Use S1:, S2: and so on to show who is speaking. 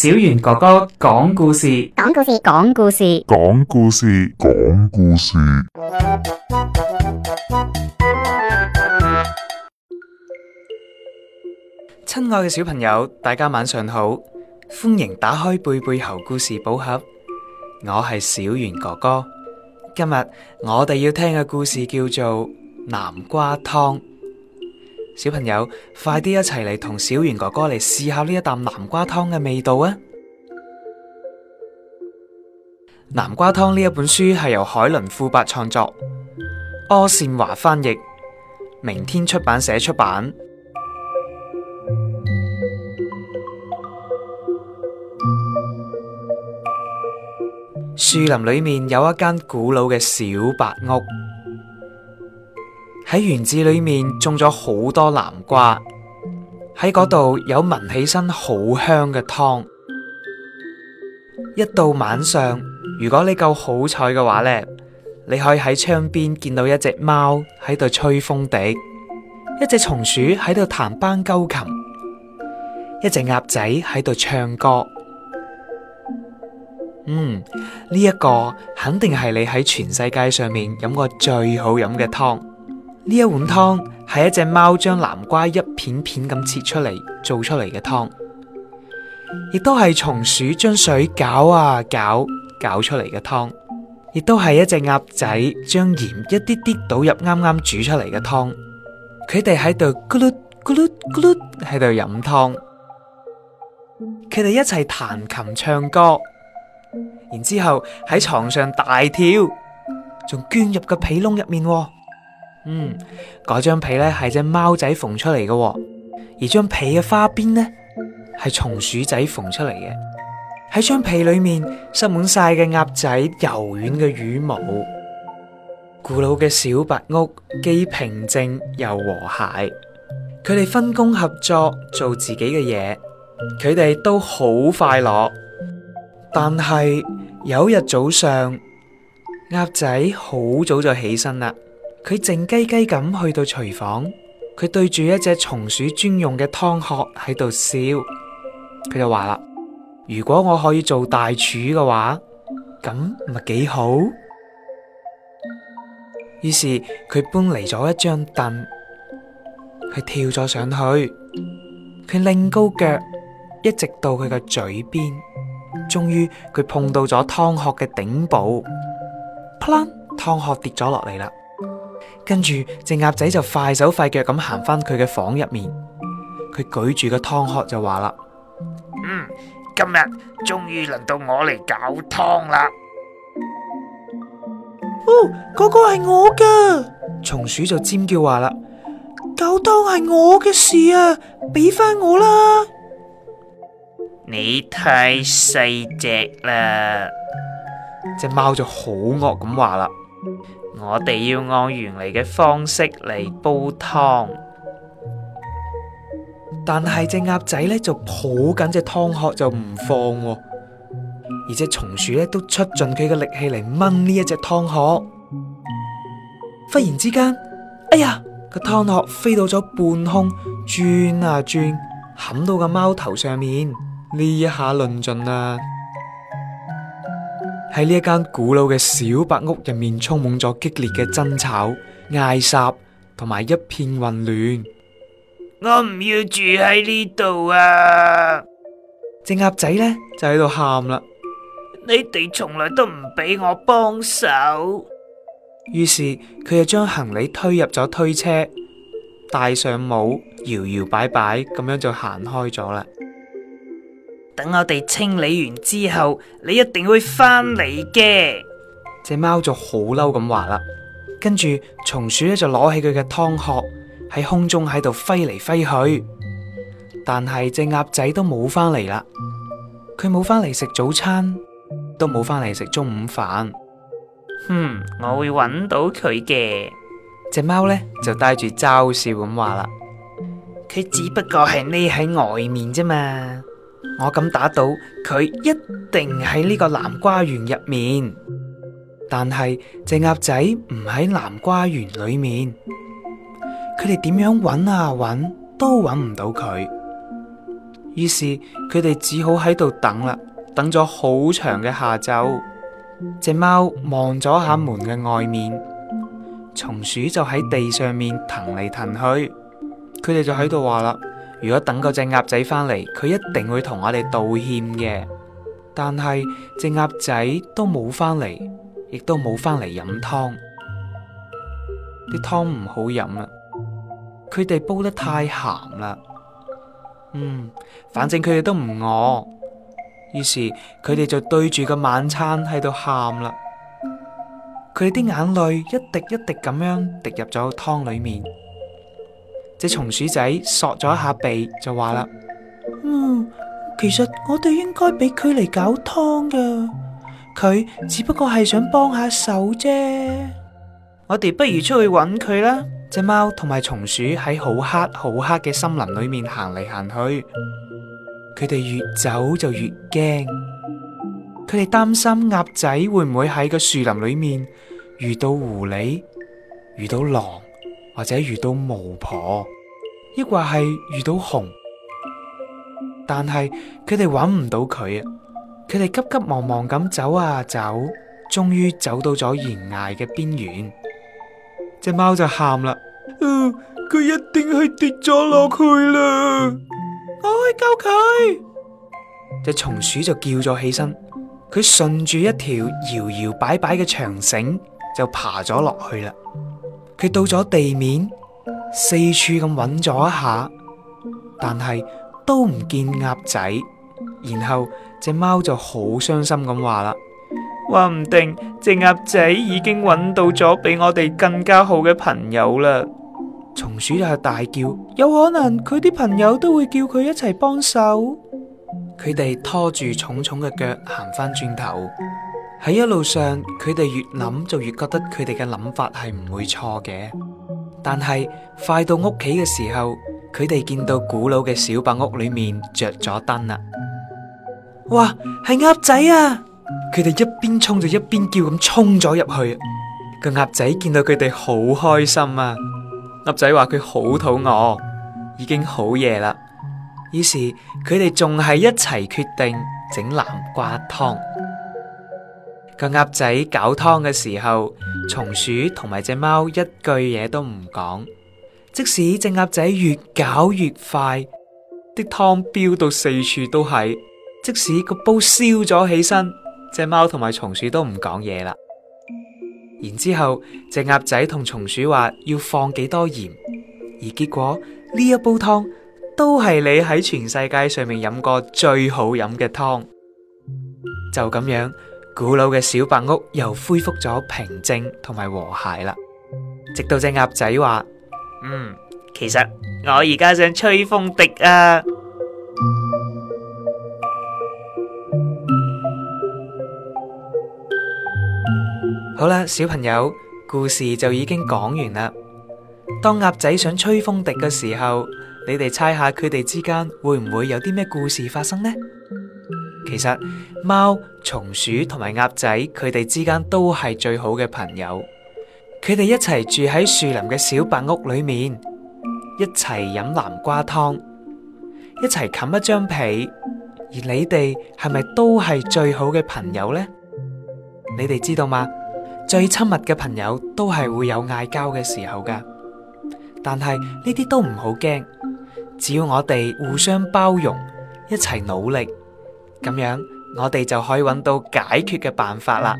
S1: 小袁哥哥講故事，講故事，講故事，講故事，講故事。親愛嘅小朋友，大家晚上好，歡迎打開貝貝猴故事寶盒，我係小袁哥哥，今日我哋要聽嘅故事叫做南瓜湯。小朋友，快啲一齊嚟同小袁哥哥嚟試下呢一啖南瓜湯嘅味道啊！南瓜湯呢一本書係由海倫庫伯創作，柯倩華翻譯，明天出版社出版。樹 林裏面有一間古老嘅小白屋。喺園子裏面種咗好多南瓜，喺嗰度有聞起身好香嘅湯。一到晚上，如果你夠好彩嘅話咧，你可以喺窗邊見到一隻貓喺度吹風笛，一隻松鼠喺度彈班鳩琴，一隻鴨仔喺度唱歌。嗯，呢、這、一個肯定係你喺全世界上面飲過最好飲嘅湯。呢一碗湯係一隻貓將南瓜一片片咁切出嚟做出嚟嘅湯，亦都係松鼠將水攪啊攪攪出嚟嘅湯，亦都係一隻鴨仔將鹽一啲啲倒入啱啱煮出嚟嘅湯。佢哋喺度咕嚕咕嚕咕嚕喺度飲湯，佢哋一齊彈琴唱歌，然之後喺床上大跳，仲捲入個被窿入面，哦。嗯，嗰張被咧係隻貓仔縫出嚟嘅。哦，而張被嘅花邊呢，係松鼠仔縫出嚟嘅。喺張被裏面塞滿晒嘅鴨仔柔軟嘅羽毛。古老嘅小白屋既平靜又和諧，佢哋分工合作做自己嘅嘢，佢哋都好快樂。但係有一日早上，鴨仔好早就起身啦。佢靜雞雞咁去到廚房，佢對住一隻松鼠專用嘅湯殼喺度笑。佢就話啦：如果我可以做大廚嘅話，咁唔係幾好。於是佢搬嚟咗一張凳，佢跳咗上去，佢擰高腳，一直到佢嘅嘴邊。終於佢碰到咗湯殼嘅頂部，撲楞，湯殼跌咗落嚟啦。跟住隻鴨仔就快手快腳咁行翻佢嘅房入面，佢舉住個湯勺就話啦：嗯，今日終於輪到我嚟搞湯啦！哦，嗰個係我噶，松鼠就尖叫話啦：搞湯係我嘅事啊，俾翻我啦！你太細隻啦，隻貓就好惡咁話啦。我哋要按原嚟嘅方式嚟煲湯，但係隻鴨仔咧就抱緊隻湯殼就唔放，哦，而隻松鼠咧都出盡佢嘅力氣嚟掹呢一隻湯殼。忽然之間，哎呀，個湯殼飛到咗半空，轉啊轉，冚到個貓頭上面，呢一下論盡啦。喺呢一間古老嘅小白屋入面，充滿咗激烈嘅爭吵、嗌霎同埋一片混亂。我唔要住喺呢度啊！隻鴨仔呢就喺度喊啦。你哋從來都唔俾我幫手。於是佢就將行李推入咗推車，戴上帽，搖搖擺擺咁樣就行開咗啦。等我哋清理完之後，你一定會翻嚟嘅。隻貓就好嬲咁話啦，跟住松鼠咧就攞起佢嘅湯殼喺空中喺度飛嚟飛去，但係隻鴨仔都冇翻嚟啦。佢冇翻嚟食早餐，都冇翻嚟食中午飯。哼、嗯，我會揾到佢嘅。隻貓咧就帶住嘲笑咁話啦，佢只不過係匿喺外面啫嘛。我敢打賭，佢一定喺呢個南瓜園入面，但係隻鴨仔唔喺南瓜園裏面，佢哋點樣揾啊揾都揾唔到佢，於是佢哋只好喺度等啦，等咗好長嘅下晝，隻貓望咗下門嘅外面，松鼠就喺地上面騰嚟騰去，佢哋就喺度話啦。如果等嗰隻鴨仔返嚟，佢一定會同我哋道歉嘅。但係隻鴨仔都冇返嚟，亦都冇返嚟飲湯，啲湯唔好飲啦。佢哋煲得太鹹啦。嗯，反正佢哋都唔餓，於是佢哋就對住個晚餐喺度喊啦。佢哋啲眼淚一滴一滴咁樣滴入咗湯裏面。隻松鼠仔索咗一下鼻就就話啦：嗯，其實我哋應該俾佢嚟搞湯噶，佢只不過係想幫下手啫。我哋不如出去揾佢啦。隻貓同埋松鼠喺好黑好黑嘅森林裏面行嚟行去，佢哋越走就越驚，佢哋擔心鴨仔會唔會喺個樹林裏面遇到狐狸，遇到狼，或者遇到巫婆，抑或係遇到熊，但係佢哋揾唔到佢啊！佢哋急急忙忙咁走啊走，終於走到咗懸崖嘅邊緣，隻貓就喊啦：佢、哦、一定係跌咗落去啦！嗯、我去救佢。隻松鼠就叫咗起身，佢順住一條搖搖擺擺嘅長繩就爬咗落去啦。佢到咗地面，四處咁揾咗一下，但係都唔見鴨仔。然後隻貓就好傷心咁話啦，話唔定隻鴨仔已經揾到咗比我哋更加好嘅朋友啦。松鼠就係大叫，有可能佢啲朋友都會叫佢一齊幫手。佢哋拖住重重嘅腳，行翻轉頭。喺一路上，佢哋越諗就越覺得佢哋嘅諗法係唔會錯嘅。但係快到屋企嘅時候，佢哋見到古老嘅小白屋裏面着咗燈啦。哇，係鴨仔啊！佢哋一邊衝就一邊叫咁衝咗入去。個鴨仔見到佢哋好開心啊！鴨仔話佢好肚餓，已經好夜啦。於是，佢哋仲係一齊決定整南瓜湯。個鴨仔攪湯嘅時候，松鼠同埋隻貓一句嘢都唔講。即使隻鴨仔越攪越快，啲湯飆到四處都係。即使個煲燒咗起身，隻貓同埋松鼠都唔講嘢啦。然之後，隻鴨仔同松鼠話要放幾多鹽，而結果呢一煲湯都係你喺全世界上面飲過最好飲嘅湯。就咁樣。古老嘅小白屋又恢復咗平靜同埋和諧啦。直到隻鴨仔話：嗯，其實我而家想吹風笛啊。好啦，小朋友，故事就已經講完啦。當鴨仔想吹風笛嘅時候，你哋猜下佢哋之間會唔會有啲咩故事發生呢？其實貓、松鼠同埋鴨仔佢哋之間都係最好嘅朋友，佢哋一齊住喺樹林嘅小白屋裏面，一齊飲南瓜湯，一齊冚一張被。而你哋係咪都係最好嘅朋友呢？你哋知道嗎？最親密嘅朋友都係會有嗌交嘅時候噶，但係呢啲都唔好驚，只要我哋互相包容，一齊努力。咁樣，我哋就可以揾到解決嘅辦法啦。